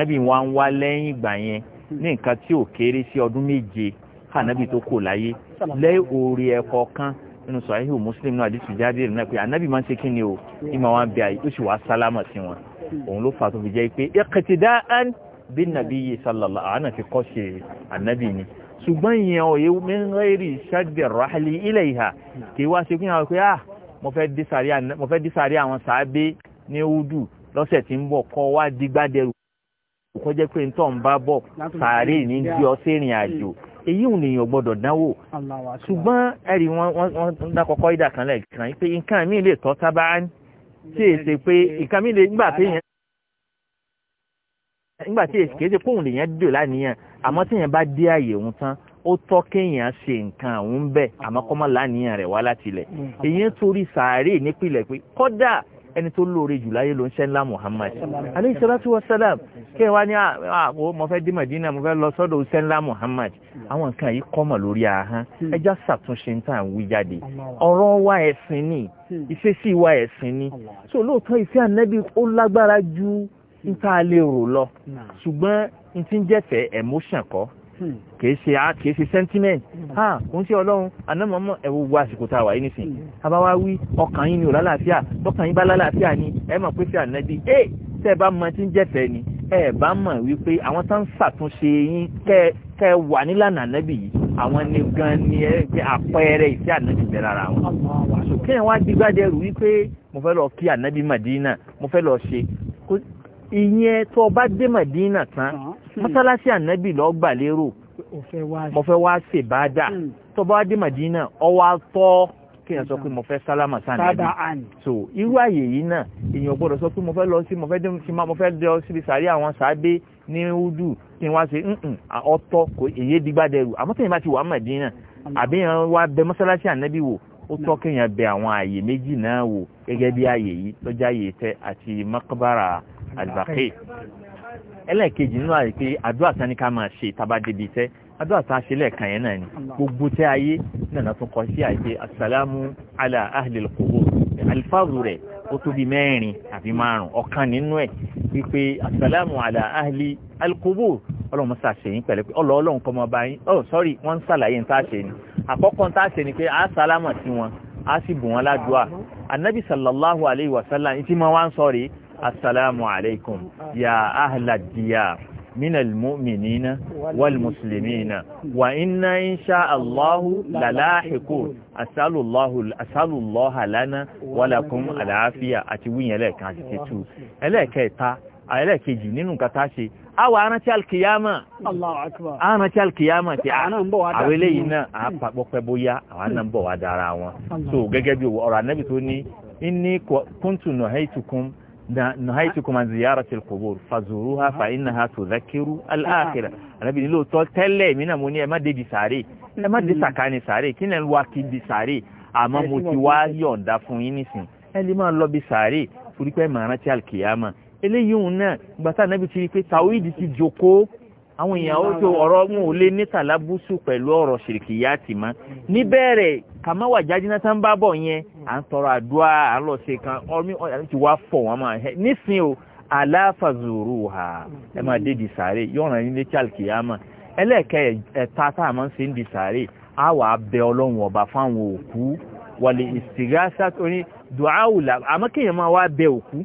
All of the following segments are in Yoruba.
ànábì wa ń wá lẹ́yìn ìgbà yẹn ní nǹkan tí ò kéré sí ọdún méje ànábì tó kò láyé lẹ́yìn orí ẹ̀kọ́ kan nínú sọ̀híhù muslim náà àdìsí jáde rẹ̀ náà pé ànábì máa ń ṣe kí ni o ìmọ̀ wọn bẹ àyè ó sì wá sálámà sí wọn òun ló fà tó fi jẹ́ pé iqtida'an bin nabiyyi sallallahu àwọn náà kọ́ ṣe ànábì ni ṣùgbọ́n ìyẹn òye mẹ́rẹ́rì ṣáàdì ràhálì ilẹ̀ ìhà kì í wá ṣe fún pé ah mo fẹ́ dísàrí àwọn sàábé ní údù lọ́sẹ̀ tí ń bọ̀ kọ́ wá dígbádẹrù kó jẹ́ pé ntọ́ ń bá bọ̀ sàárè ní bí ọ sí ìrìn àjò èyí ò nìyàn gbọ́dọ̀ dánwò ṣùgbọ́n ẹ̀rí wọn ń dá kọ́kọ́ ìdà kan lẹ́ẹ̀kan pé nǹkan mi lè tọ́ sábà ń tí è ṣe pé nǹkan mi lè gbà pé yẹn nígbà tí èsì kéde kóhùn lèyàn dò láníyàn àmọ́ tí yẹn bá dé àyè òun tán ó tọ́ kéèyàn ṣe nǹkan òun bẹ́ẹ̀ àmọ́ kọ́mọ́ láníyàn rẹ̀ wá látilẹ̀ mm. èyí ń torí sàárè nípìnlẹ̀ pé kódà ẹni tó lóore jù láyé ló ń ṣẹ́ ńlá muhammad alayhi salatu wa salam kí ẹ wá ní àwọn mo fẹ́ dé madina mo fẹ́ lọ sọ́dọ̀ ṣẹ́ ńlá muhammad àwọn nǹkan yìí kọ́mọ̀ lórí ahán hmm. ẹjá ṣàtúnṣe tá à ń wí jáde ọ̀rọ̀ wa ẹ̀sìn ni hmm. ìṣesí wa ẹ̀sìn ni so lóòótọ́ ìfẹ́ ànábì ó lágbára ju hmm. níta lè rò lọ ṣùgbọ́n n ti ń jẹ́fẹ̀ẹ́ emotion kọ́ Hmm. kìí ṣe art kìí ṣe sentiment hmm. ha kò ń ṣe ọlọ́run anamọ́mọ́ ẹ̀wọ̀ wo àsìkò tá a wà yìí nísìn hmm. abáwá wí ọkàn yín ni ò lálàáfíà bọ́kàn yín bá lálàáfíà ni ẹ mọ̀ pé sí ànábì ẹ eh! tẹ́ ẹ bá mọ tí ń jẹ̀fẹ́ ni ẹ bá mọ̀ wípé àwọn tó ń ṣàtúnṣe yín kẹ wà nílànà ànábì yìí àwọn ni gan ni ẹ jẹ́ àpẹẹrẹ ìfẹ́ ànábì bẹ̀rẹ̀ ara wọn. kéèyàn wá gbígbádẹ́rù wípé mo fẹ́ lọ kí ànábì Madina mo fẹ́ lọ ṣe ìyẹn tó o dé Madina tán Hmm. mọ́sálásí ànábì lọ́ọ́ gbà lérò mo fẹ́ wá ṣe bá dà hmm. tó bá dé màdínà ọwọ́ atọ́ kéèyàn sọ pé mo fẹ́ sálámà sànàbì so irú àyè yìí náà èèyàn gbọ́dọ̀ sọ pé mo fẹ́ lọ sí mo fẹ́ dé mo fẹ́ lọ síbi sàárì àwọn sàábé ní udu kí n wá ṣe ọ̀tọ̀ kò èyí dìgbàdẹrù àmọ́ tẹ̀yìn bá ti wà màdínà àbí èèyàn wá bẹ mọ́sálásí ànábì wò ó tọ́ kéèyàn bẹ àwọn àyè méjì náà wò gẹ́gẹ́ bí àyè yìí lọ́jà àyè tẹ àti makbara albaqi ẹlẹ́ẹ̀kejì nínú àyè pé àdúrà tán ni ká máa ṣe tá bá débi iṣẹ́ àdúrà tá a ṣe lẹ́ẹ̀kan yẹn náà ni gbogbo tẹ́ ayé nànà tún kọ sí àyè pé asàlámù àlà ahlil qubur alifáàzù rẹ̀ ó tó bí mẹ́rin àbí márùn ọ̀kan nínú ẹ̀ wípé asàlámù àlà ahli alqubur ọlọ́run ṣàṣe yín pẹ̀lẹ́ pé ọlọ́ọ̀lọ́run kọ́ mọ́ bá yín ọ̀ oh, wọ́n ń ṣàlàyé ń tá ṣe ni àkọ́kọ́ ń tá ṣe ni pé a sálámà sí wọn a sì bù wọn ládùúà anabi sallallahu alayhi wa sallam ìtì máa ń sọ rèé assalamu alaikum ya ahlad diyar من المؤمنين والمسلمين وإنا إن شاء الله للاحقون أسأل الله أسأل الله لنا ولكم العافية أتوين لك أتتو لك تا لك جنين كتاشي أو أنا تال كيامة الله أكبر أنا تال كيامة أنا نبوا أولينا أبقى بويا أنا نبوا داراوا سو جعبي ورا النبي توني إني كنت نهيتكم نهايتكم عن زيارة القبور فزوروها فإنها تذكر الآخرة النبي لو تقول تلي من أموني ما دي بساري لا ما دي سكاني ساري كنا الواكي بساري أما متواري on da fún yín nísìn ẹ lè máa lọ bí sàárè torí pé màá rántí alkiyama eléyìí òun náà gbàtà nàbì ti rí pé tàwídì ti jókòó àwọn èèyàn ó tó ọ̀rọ̀ wọn ò lé nítàlá pẹ̀lú ọ̀rọ̀ ṣìrìkìyà ti ma níbẹ̀rẹ̀ kàmáwà jájínà ń bá bọ̀ yẹn à ń tọrọ àdúrà à ń lọ ṣe kan ọmọ ọ̀yà ti wá fọ̀ wọ́n máa hẹ́ nísìnyí o aláfàzòrò ha ẹ máa dé di sàárè ẹlẹ́ẹ̀kẹ́ ẹ̀ta tá a máa ń ṣe ń di sàárè á wà á bẹ ọlọ́run ọba fáwọn òkú wàlẹ̀ àmọ́ kéèyàn máa wá bẹ òkú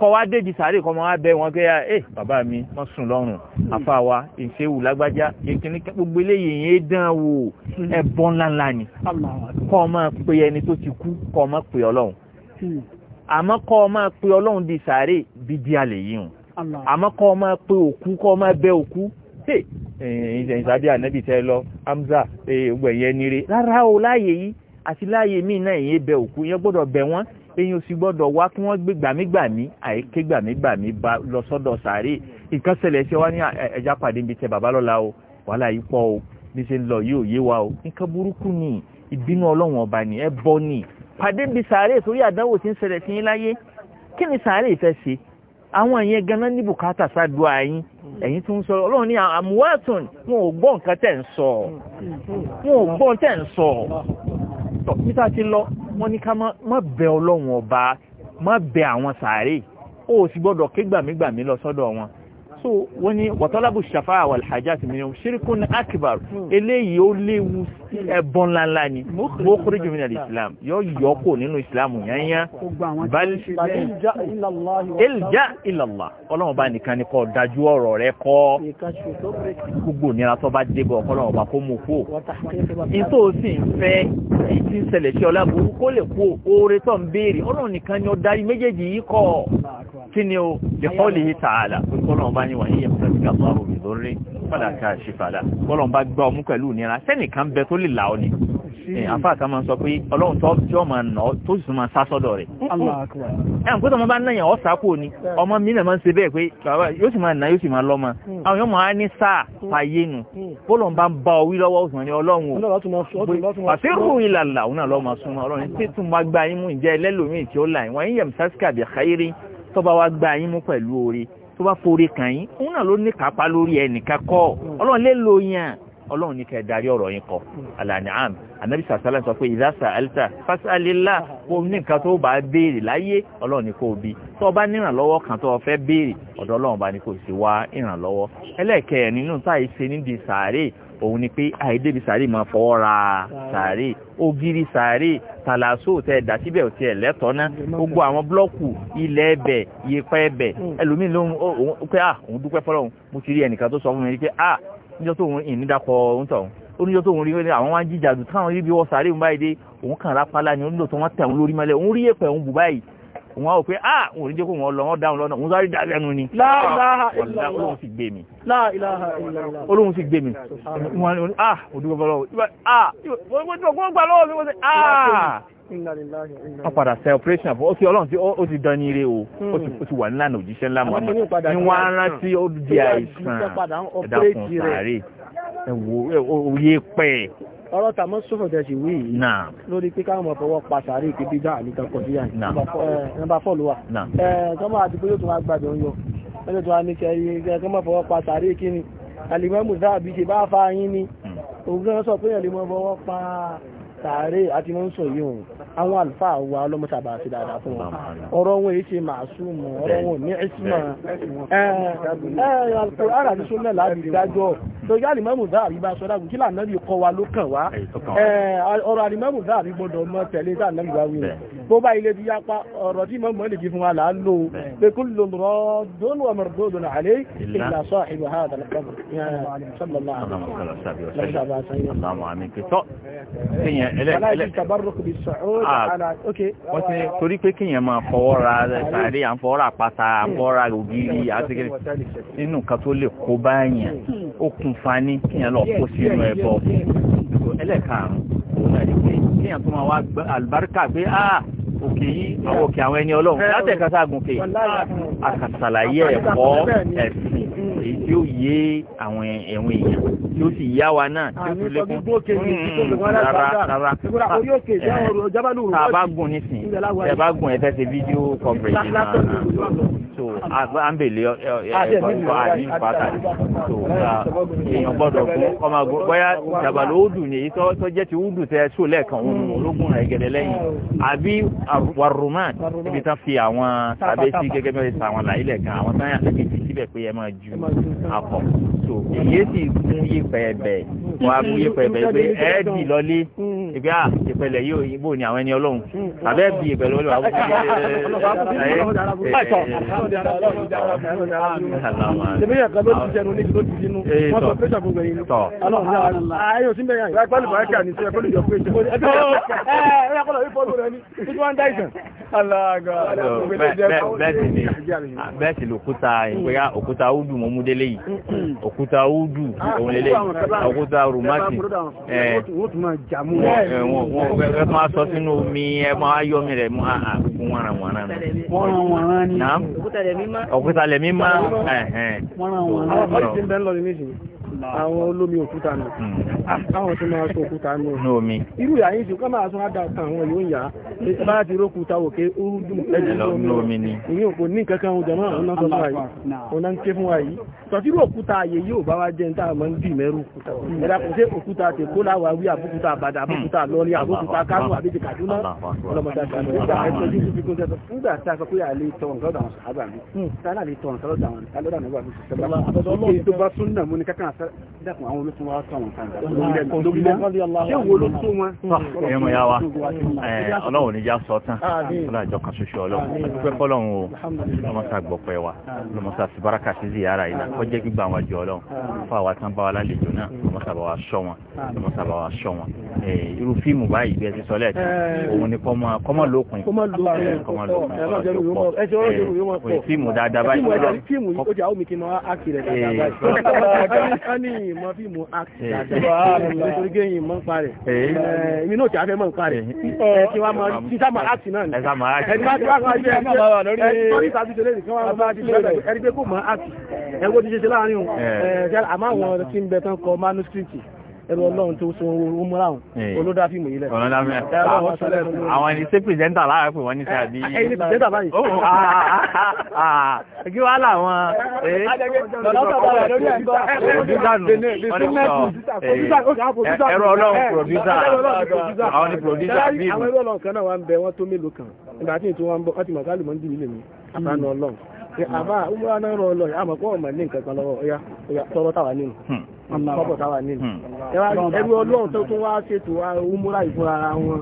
kọ́ wá déjì sàárè kọ́ mọ́ wá bẹ́ wọn kẹ́yà ẹ eh, bàbá mi wọ́n sùn lọ́rùn hmm. àfàwà ìṣèwù lágbájá ìkíní gbogbo eléyìí yẹn dán wò hmm. ẹbọ ńláńlá ni kọ́ ọmọ pé ẹni tó ti kú kọ́ ọmọ pé ọlọ́run hmm. àmọ́ kọ́ ọmọ pé ọlọ́run di sàárè bídí àlè yìí hùn àmọ́ kọ́ ọmọ pé òkú kọ́ ọmọ bẹ́ òkú ìṣẹ̀yìn sábí ànábì tẹ́ lọ Hamza eh, gbẹ̀yẹn nire rárá o láàyè yìí àti láàyè míì náà ìyẹn bẹ òkú yẹn gbọ́dọ̀ bẹ wọ́n èyàn sì gbọ́dọ̀ wá kí wọ́n gbé gbàmígbàmí àìké gbàmígbàmí bá lọ sọ́dọ̀ sàárè nǹkan ṣẹlẹ̀ ṣe wá ní ẹja pàdé ibi tẹ bàbá lọ́la o wàhálà yìí pọ̀ o bí ṣe ń lọ yìí ò yé wa o nǹkan burúkú ni ìbínú ọlọ́run ọba ni ẹ bọ́ ni pàdé ibi sàárè torí àdánwò tí ń ṣẹlẹ̀ sí yín láyé kí ni sàárè fẹ́ ṣe àwọn ìyẹn ganan ní bùkátà ṣáàdùá yín ẹ̀yin tó ń sọ ọlọ́run ní àmúwàtún wọn ò gbọ́ nǹkan tẹ̀ ń sọ wọn ò gbọ́ tẹ̀ ń sọ tọ́ ti lọ wọ́n ní ká má bẹ ọlọ́run ọba má bẹ àwọn sàárè ó sì gbọ́dọ̀ ké gbàmígbàmí lọ sọ́dọ̀ wọn so wọ́n ní wàtọ́lábù ṣàfáà wà hajjati minimum ṣirikun akbar hmm. eléyìí ó léwu ẹbọn ńláńlá ni bó kúrò jùmínà islam yóò yọ kó nínú islam yányá ilja ilallah ọlọ́run bá nìkan ni kọ́ dájú ọ̀rọ̀ rẹ kọ́ gbogbo nira tó bá dé bọ̀ ọlọ́run bá kó mú kó ìtò sì ń fẹ́ ìtì ń ṣẹlẹ̀ sí ọlábùrú kó lè kó oore tó ń béèrè ọlọ́run nìkan ni ó méjèèjì yìí kọ́ kí ni o lè kọ́ lè yí tààlà ọlọ́run bá ní wọ̀nyí yẹn pẹ̀lú ìgbà bá omi lórí padà ká ṣe padà bọ́lọ̀n bá gbá ọmú pẹ̀lú ìnira sẹ́nìkan bẹ tó lè là ọ́ ni àfa kan máa sọ pé ọlọ́run tó tí ọmọ nà ọ́ tó sì máa sá sọ́dọ̀ rẹ̀ ẹ̀ ń kó tọmọ bá ń nàyàn ọ̀sà kò ní ọmọ mi náà máa ń ṣe bẹ́ẹ̀ pé yóò sì máa nà yóò sì máa lọ́mọ hmm. àwọn yóò máa ní sáà hmm. fàyè nù hmm. bọ́lọ̀n bá ń bá ọ wí lọ́wọ́ òsùn ní ọlọ́run o pàṣẹ rú ìlàlà òun náà lọ́mọ súnmọ́ ọlọ́run tí tún bá gbá yín mú ìjẹ́ ẹlẹ́lòmíì tí ó là yín wọ́n yín tó bá forí kàn yín òun náà ló ní kápá lórí ẹnìkan kọ́ mm. ọlọ́run lè lo yàn ọlọ́run ní kẹ́ darí ọ̀rọ̀ yín kọ am, anabi sàṣálà sọ pé ìdásà alita fasalila kó ní nǹkan tó bá béèrè láyé ọlọ́run ní kó bí tó o bá nírànlọ́wọ́ kan tó o fẹ́ béèrè ọ̀dọ̀ ọlọ́run bá ní kó sì wá ìrànlọ́wọ́ ẹlẹ́ẹ̀kẹrin nínú táyé ṣe níbi sàárè òun ni pé àìdébi sàárè máa fọwọ́ ra sàárè ògiri sàárè tàlàsó tẹ dà síbẹ̀ ò tiẹ̀ lẹ́tọ̀ọ́ ná gbogbo àwọn búlọ́ọ̀kù ilẹ̀ ẹbẹ̀ yípa ẹbẹ̀ ẹlòmíín ló ń pẹ́ à ah, òun dúpẹ́ fọlọ́run mo ti rí ẹnìkan tó sọ fún mi pé à ah, níjọ́ tó òun ìní òun tọ̀ ó níjọ́ tó òun rí wẹ́lẹ́ àwọn wá ń jíjà dù táwọn rí bí wọ́n sáré òun báyìí dé òun kàn rápálá ni onílò tó wọ́n tẹ̀ lórí mọ́lẹ̀ òun rí èpẹ̀ òun bù báyìí òun á wò pé ah òun ò ní jẹ́ kó wọn lọ wọn dáhùn lọ́nà òun sáré dá lẹ́nu ni. olóhùn sì gbé mi. olóhùn sì gbé mi. ah òdúgbò fọlọ́wọ́ ah wọ́n gbà lọ́wọ́ mi wọ́n sẹ́ ah wọ́n padà ṣe operation fún ókè ọlọ́run tí ó ti dán ní ire o ó ti hmm. wà nílànà òjíṣẹ́ ńlá mọ́ ní wọ́n á rántí ó di àìsàn ẹ̀dàkùn sàárè òye pẹ́ ọ̀rọ̀ tàmọ́ sọ́fọ̀ tẹ̀sí wí lórí pé káwọn ọ̀fọwọ́ pa sàárè ìpé bídá àníkan kọ̀díyà nọ́mbà fọ́ọ̀lù eh, wà eh, tọ́mọ̀ àti pé yóò tún wá gbàdọ̀ ń yọ ẹjọ́ tó wá ní kẹrì kọ́mọ̀ fọwọ́ pa sàárè kí ni alìmọ́mù dáàbí ṣe bá fa yín ni hmm. òun náà sọ pé ẹ̀lẹ́mọ́ fọwọ́ pa sàárè àti mọ́ ń sọ yìí òun àwọn àlùfáà wa ọlọ́mọ́sàbà sí dáadáa fún wọn ọ̀rọ̀ wọn èyí ṣe máa súnmọ̀ ọ̀rọ̀ wọn ní ìsìnmọ̀ ẹ̀ẹ́dàgbọ̀n àti súnmọ̀ láti dájọ́ lórí àlìmọ́mù dáàrí bá sọ́dá gùn kí lànàbí kọ wa ló kàn wá ọ̀rọ̀ àlìmọ́mù dáàrí gbọ́dọ̀ mọ́ tẹ̀lé tànàbí bá wí bó bá ilé bí yapa ọ̀rọ̀ tí mọ́mọ́ lè jí fún wa là ń lò pé kú Ah, wọ́n ti torí pé kíyàn máa fọwọ́ ra eh, à ń fọwọ́ ra pata à ń fọwọ́ ra ògiri hmm. àti kiri hmm. nínú nǹkan tó lè kó báyàn ó kun fani kíyàn lọ kó sínú hmm. ẹbọ ẹlẹ́karùn-ún ó dàbí pé kíyàn tó máa wá àlùbáríkà pé ah, òkè yìí àwọn òkè àwọn ẹni ọlọ́run látẹ̀kásá gùnkè àkàsàlàyé ẹ̀kọ́ ẹ̀sìn èyí tí ó yé àwọn ẹ̀wọ̀n èèyàn tí ó sì yá wa náà tí ó tún lékún rárá rárá tàbá gùn nísìn tàbá gùn ẹ̀fẹ́ ṣe fídíò coverage náà so àbẹ̀lẹ̀ ẹ̀kọ́ àní pàtàkì so èèyàn gbọ́dọ̀ fún ọmọ gbọ́ bóyá jàbàlú òdù ni èyí tó jẹ́ ti òdù tẹ́ só lẹ́ẹ̀kan òun hmm. ológun rẹ̀ gẹ̀dẹ̀ lẹ́yìn àbí waruman ibi tán fi àwọn tàbí sí gẹ́gẹ́ bẹ́ẹ̀ sàwọn làílẹ̀ kan àwọn táyà lẹ́gbẹ̀ẹ́ síbẹ̀ pé ẹ máa ju akọ̀ so èyí sì fún yípẹ̀ ẹ̀bẹ̀ wọn á fún yípẹ̀ ẹ̀bẹ̀ pé ẹ dì lọlé ìgbé à ìpẹlẹ yìí òyìnbó ni àwọn ẹni ọlọ́run àbẹ́ bí ìpẹlẹ olùwà wọ́n ti ṣe é. tọ́ ayọ̀ sínú ẹ̀yà ìgbàlùbáríkà ní sẹ́yà pẹ̀lú ìjọ pé ìjọ fọ́lù rẹ̀ ní títí wọ́n ń dáìsàn. bẹ́ẹ̀ sì lòkúta ah, ìpẹ́yà òkúta údù mọ́ mú délé yìí mm-hmm. òkúta údù ah, òun lélẹ̀ òkúta rùmátì ẹ eh. eh, eh, máa sọ sínú omi ẹ máa yọ mi rẹ̀ mú àkùn ah, wọ́nra wọ́nra ni òkúta lẹ̀mí má. òkúta àwọn olómi òkúta nù àwọn hmm. ah, tó máa sọ òkúta nù lómi irú ìyá yìí ṣùgbọ́n máa sọ àdá kan àwọn yóò yá bá ti rókúta òkè orúdùn ẹjọ́ lómi ni ìyẹn kò ní kankan ohun jẹ̀mọ́ àwọn náà sọ fún wa yìí òun náà ń ké fún wa yìí tọ́tí irú òkúta ààyè yóò bá wa jẹ́ níta àmọ́ ń dì mẹ́rù ẹ̀dá kò sí òkúta hmm. àti èkó láwa wí àbókúta àbàdà dákun ọlọ́run níjà sọ tán ọlọ́jọ́ kan ṣoṣo ọlọ́run àtúpẹ́ fọlọ́run o lọ́mọ́sá gbọ́pẹ́ wa lọ́mọ́sá síbáraka sí ziyara yìí náà kọjá gbígbà àwọn àjọ ọlọ́run fún àwa tán bá wa lálejò náà lọ́mọ́sá ní ìmọ̀ bí mo act eh. dáadáa nítorí gé ìmọ̀ ń parẹ̀ eh. eh, èmi náà tí a fẹ́ mọ̀ ń parẹ̀ kí wá mọ̀ ẹrù ọlọ́run tó so ohun múra hùn olódá fíìmù yìí lẹ̀. àwọn ẹni ṣé pìrìsẹ́ńtà láàárọ̀ pé wọ́n ní sàbí. ẹni pìrìsẹ́ńtà báyìí. kí wàá làwọn. ẹrù ọlọ́run pòdúsà àwọn ni pòdúsà bíi. àwọn ẹrù ọlọ́run kan náà wà ń bẹ wọ́n tó mélòó kan ìgbà tí mọ́ ń ọlọ́run àbá umra ní nǹkan kan lọ́wọ́ ọ̀yá tọrọ táwa nínú. Hmm. Hmm. ẹrú ọlọ́run tó tún wá ṣètò umura ìfúnra ara wọn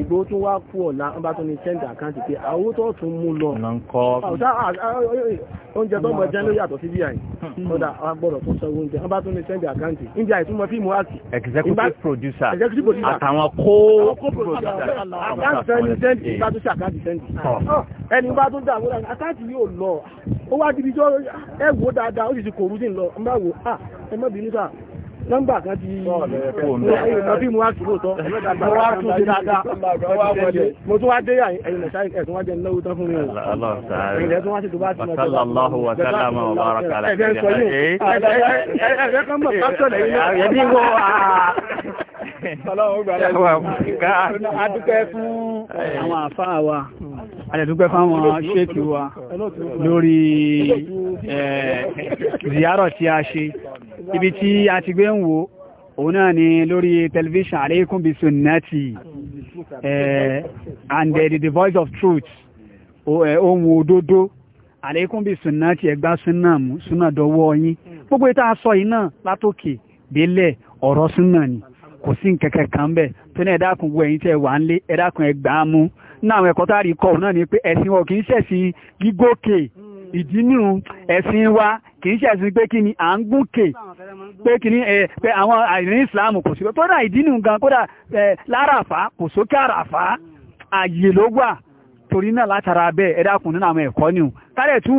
ìgbó tún wá kú ọ̀la wọn bá ní sẹ́ńdì àkáǹtì pé àwọn tó tún mú lọ ah, ah, ah, eh, eh, oúnjẹ tó mọ̀ jẹ́ ló yàtọ̀ sí bíi àyè hmm. kódà wọn gbọ́dọ̀ sọ oúnjẹ wọn bá ní sẹ́ńdì àkáǹtì executive producer ẹ má nọ́mbà kan ti ìrọ̀bí mú fún àwọn àfáà wa, adẹ̀dúpẹ́ fún àwọn ṣéèkì wa lórí ziyarọ̀ tí a ṣe. ibi tí a ti gbé ń òun náà ni lórí tẹlifíṣàn eh, and the voice of truth eh, ohun òdodo aleikum bisunnati ẹgbà súnà mú yín gbogbo ìta sọ yìí náà látòkè délẹ̀ ọ̀rọ̀ kò sí kan tó ní ẹ̀dákun gbogbo ẹ̀yìn wà ń lé ẹgbàá mú náà àwọn náà ni pé wọn kì í ṣẹ̀sìn pé kìíní ẹ pé àwọn àìní islam kò sí kódà ìdínú gan kódà ẹ láràfà kò sókè àràfà àyè ló wà torí náà látara bẹ́ẹ̀ nínú àwọn ẹ̀kọ́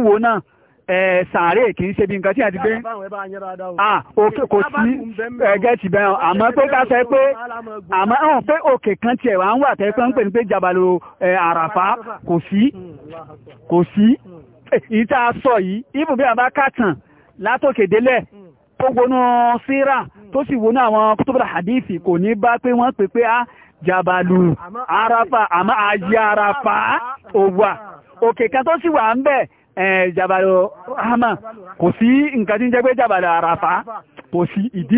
wo náà sàárè kìí ṣe bí nǹkan tí a ti gbé kò sí ẹgẹ́ ti bẹ́ẹ̀ àmọ́ pé ká sọ pé àmọ́ pé òkè kan ti wà ń wà tẹ́ pé ń pè ní pé jabalo àràfà kò sí kò sí ìta sọ yìí tó wọnú síra tó sì wọnú àwọn kútùbùrà hadithi kò ní bá pé wọ́n pè pé a ah, jàbàlù arafa ama ayé arafa òwà òkè kan tó sì wà ń bẹ̀ jàbàlù hama kò sí nǹkan tí ń jẹ́ pé jàbàlù arafa kò sí ìdí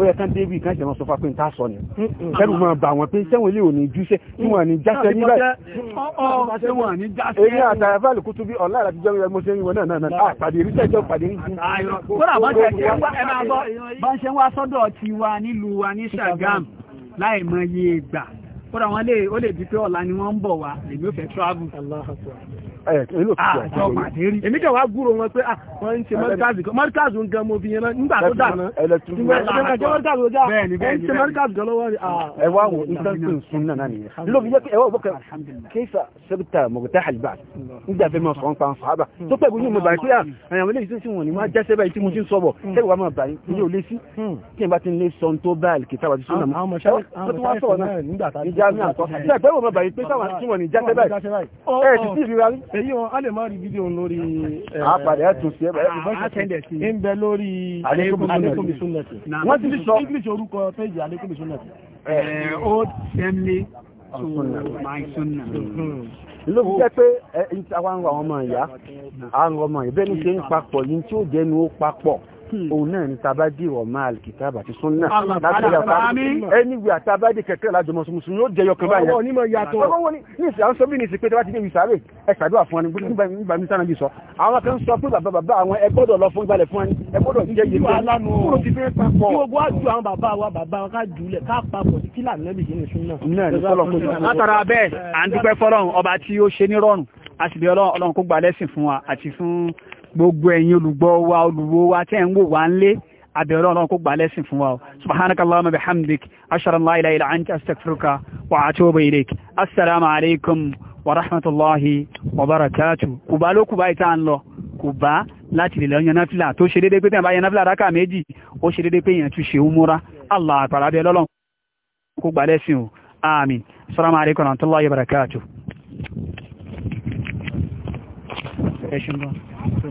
ó yẹ kán débi kan ṣe wọn sọ fapé ń sọ ni kẹrù máa bà wọn pé sẹ́wọ̀n ilé òní júṣẹ́ tí wọ́n ní jáṣẹ́ ní èyí àtàrà fáàlì bí ọ̀la àti jẹ́wọ́n ẹgbẹ́ ṣe ń náà náà ah, pàdé rí sẹ́jọ́ pàdé rí sí. kódà bá ṣe ń wá sọ́dọ̀ tiwa nílùú wa ní Ṣàgámù láì mọ iye ìgbà kódà wọn ó lè di pé ọ̀la ni wọ́n ń bọ̀ wá lèmi ò fẹ́ travel èmi ah, kẹ́ wàá gúrò wọn pé ah, wọ́n ń ṣe mọ́ríkàzì kan mọ́ríkàzì ń gan mo fi yẹn nígbà tó dáná ẹ̀ẹ́n ṣe mọ́ríkàzì gan lọ́wọ́ rẹ̀ ẹwà wọ ìtàkùn sun náà nìyẹn ló fi jẹ́ pé ẹwà òbọ̀kẹ́ kéfà sẹ́bítà mọ̀gẹ́tà àlìbà nígbà fẹ́ mọ̀ sọ̀rọ̀ pa sàhábà tó pẹ̀lú yóò mọ̀ bàyí pé àyàwó lè sí wọn ni wọ́n á jẹ́ sẹ́bà tí mo ti ń sọ̀bọ̀ sẹ́bà wà èyí wọn a lè máa rí fídíò lórí àpàdé ẹ̀tùn sí ẹ̀bẹ̀ ń bẹ lórí alekumisuneti wọ́n ti sọ english orúkọ péjì alekumisuneti. old family to my sunna. Hmm. Hmm. ló fi jẹ́ pé àwọn ọmọ ìyá àwọn ọmọ ìbẹ́ni ṣe ń papọ̀ yìí tí ó jẹ́nu ó papọ̀. Hmm. òun náà ni tabadi wọ máa kìtà àbàtì súnà láti ẹ̀yà fáàmì ẹni wí àtàbádì kẹ̀kẹ́ lájọmọ̀ mùsùlùmí ó jẹyọ kan báyìí. ọwọ́ onímọ̀ yàtọ̀ ọwọ́ ní ìsìn àwọn sọ́bí ní ìsìn pé tí wọ́n ti dé ìsàrè ẹ ṣàdúrà fún wọn nígbà mi sára bí sọ. àwọn kan sọ pé bàbá bàbá àwọn ẹ gbọ́dọ̀ lọ fún ìgbàlẹ̀ fún wọn ẹ gbọ́dọ̀ jẹ́ yìí pé kúrò ti fẹ́ papọ̀. kí gbogbo àjù àwọn bàbá wa bàbá wa ká jùlẹ̀ ká papọ̀ sí kílà nẹ́bì yìí nìṣúná. látara bẹ́ẹ̀ tí ó ṣe ní rọrùn a sì bí ọlọ́run kó gbogbo ẹ̀yin olùgbọ́ wa olùwo wa tẹ́ ń wò wá ń lé àbẹ̀rẹ̀ ọlọ́run kó gbà lẹ́sìn fún wa o subhanaka allahumma bihamdik ashara la ilaha illa anta astaghfiruka wa atubu ilaik assalamu alaikum wa rahmatullahi wa barakatuh kùbá ló kùbá ìta ń lọ kùbá láti lè lọ́yàn náfìlà tó ṣe déédéé pé tẹ́ bá yan náfìlà rákà méjì ó ṣe déédéé pé èèyàn tún ṣe umura allah àpàrà abẹ́ lọ́lọ́run kó gbà lẹ́sìn o amin assalamu alaikum wa rahmatullahi wa barakatuh 心新对。